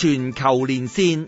全球連線，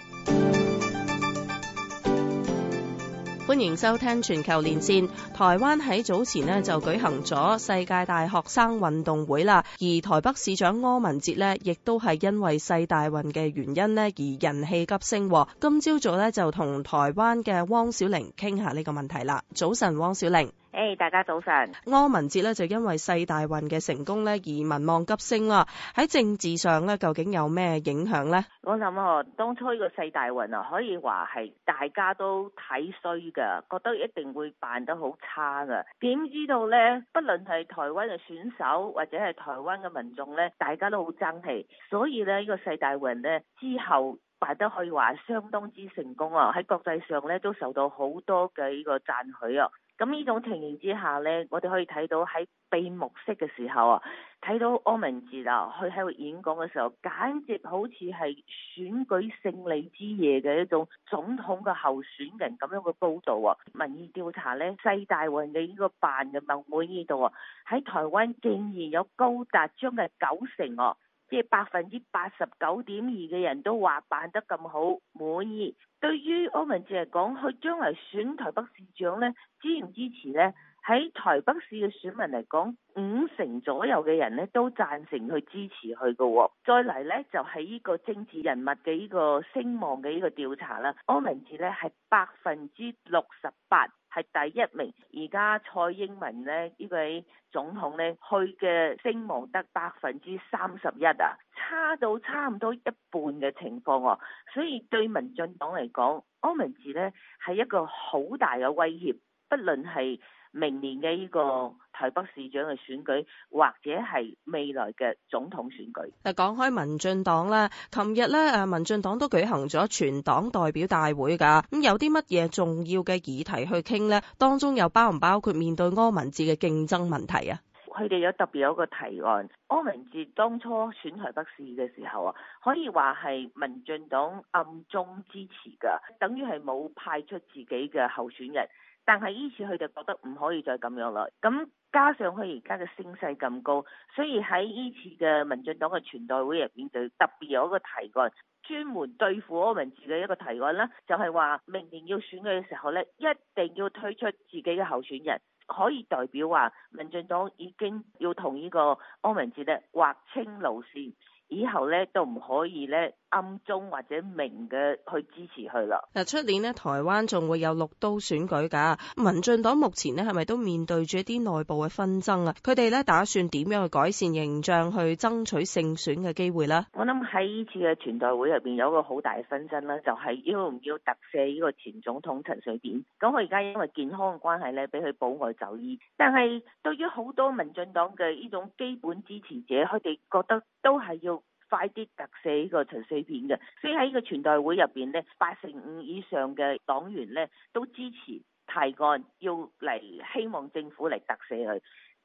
歡迎收聽全球連線。台灣喺早前呢就舉行咗世界大學生運動會啦，而台北市長柯文哲呢，亦都係因為世大運嘅原因呢而人氣急升。今朝早呢，就同台灣嘅汪小玲傾下呢個問題啦。早晨，汪小玲。誒、hey，大家早晨。柯文哲咧就因為世大運嘅成功咧而民望急升啦。喺政治上咧究竟，有咩影響呢？我諗當初呢個世大運啊，可以話係大家都睇衰噶覺得一定會辦得好差噶點知道呢？不論係台灣嘅選手或者係台灣嘅民眾咧，大家都好爭氣。所以呢，呢個世大運咧之後，辦得可以話相當之成功啊！喺國際上咧都受到好多嘅呢個讚許啊！咁呢種情形之下咧，我哋可以睇到喺閉幕式嘅時候啊，睇到柯文哲啊，佢喺度演講嘅時候，簡直好似係選舉勝利之夜嘅一種總統嘅候選人咁樣嘅高度啊！民意調查咧，世大運嘅呢個辦嘅民滿意度啊，喺台灣竟然有高達將近九成哦、啊！即係百分之八十九點二嘅人都話：“辦得咁好，滿意。對於柯文哲嚟講，佢將來選台北市長呢支唔支持呢？喺台北市嘅選民嚟講，五成左右嘅人呢都贊成去支持佢嘅。再嚟呢，就係呢個政治人物嘅呢個聲望嘅呢個調查啦，柯文哲呢係百分之六十八，係第一名，而家蔡英文呢，呢位總統呢佢嘅聲望得百分之三十一啊。差到差唔多一半嘅情況喎，所以對民進黨嚟講，柯文哲呢係一個好大嘅威脅，不論係明年嘅呢個台北市長嘅選舉，或者係未來嘅總統選舉。誒，講開民進黨咧，琴日咧誒，民進黨都舉行咗全黨代表大會㗎，咁有啲乜嘢重要嘅議題去傾呢？當中有包唔包括面對柯文哲嘅競爭問題啊？佢哋有特別有一個提案，柯文哲當初選台北市嘅時候啊，可以話係民進黨暗中支持噶，等於係冇派出自己嘅候選人。但係呢次佢就覺得唔可以再咁樣啦。咁加上佢而家嘅聲勢咁高，所以喺呢次嘅民進黨嘅全代會入面就特別有一個提案，專門對付柯文哲嘅一個提案啦，就係話明年要選嘅時候呢，一定要推出自己嘅候選人。可以代表話，民進黨已經要同呢個柯文哲咧劃清路線，以後呢都唔可以呢暗中或者明嘅去支持佢咯。嗱，出年呢，台灣仲會有六都選舉噶。民進黨目前呢，係咪都面對住一啲內部嘅紛爭啊？佢哋呢，打算點樣去改善形象，去爭取勝選嘅機會咧？我諗喺呢次嘅全代會入邊有一個好大嘅紛爭啦，就係要唔要特赦呢個前總統陳水扁。咁我而家因為健康嘅關係咧，俾佢保外就醫。但係對於好多民進黨嘅呢種基本支持者，佢哋覺得都係要。快啲特赦呢個陳水扁嘅，所以喺呢個全代會入邊咧，八成五以上嘅黨員咧都支持提案，要嚟希望政府嚟特赦佢。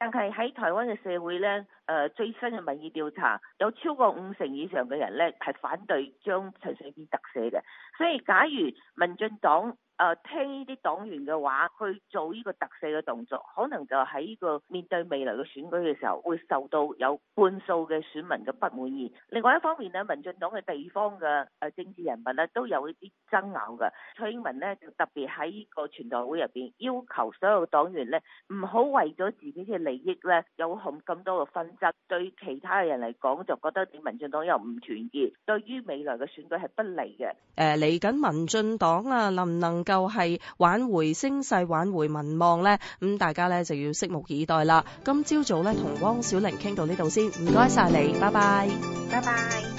但係喺台灣嘅社會咧，誒、呃、最新嘅民意調查有超過五成以上嘅人咧係反對將陳水扁特赦嘅。所以假如民進黨誒、呃、聽呢啲黨員嘅話，去做呢個特赦嘅動作，可能就喺呢個面對未來嘅選舉嘅時候，會受到有半數嘅選民嘅不滿意。另外一方面呢，民進黨嘅地方嘅誒政治人物呢都有啲爭拗嘅。蔡英文呢就特別喺呢個全代會入邊要求所有黨員呢唔好為咗自己嘅利。利益咧有咁咁多嘅分則，對其他嘅人嚟講就覺得點民進黨又唔團結，對於未來嘅選舉係不利嘅。誒嚟緊民進黨啊，能唔能夠係挽回聲勢、挽回民望咧？咁、嗯、大家咧就要拭目以待啦。今朝早咧同汪小玲傾到呢度先，唔該晒你，拜拜，拜拜。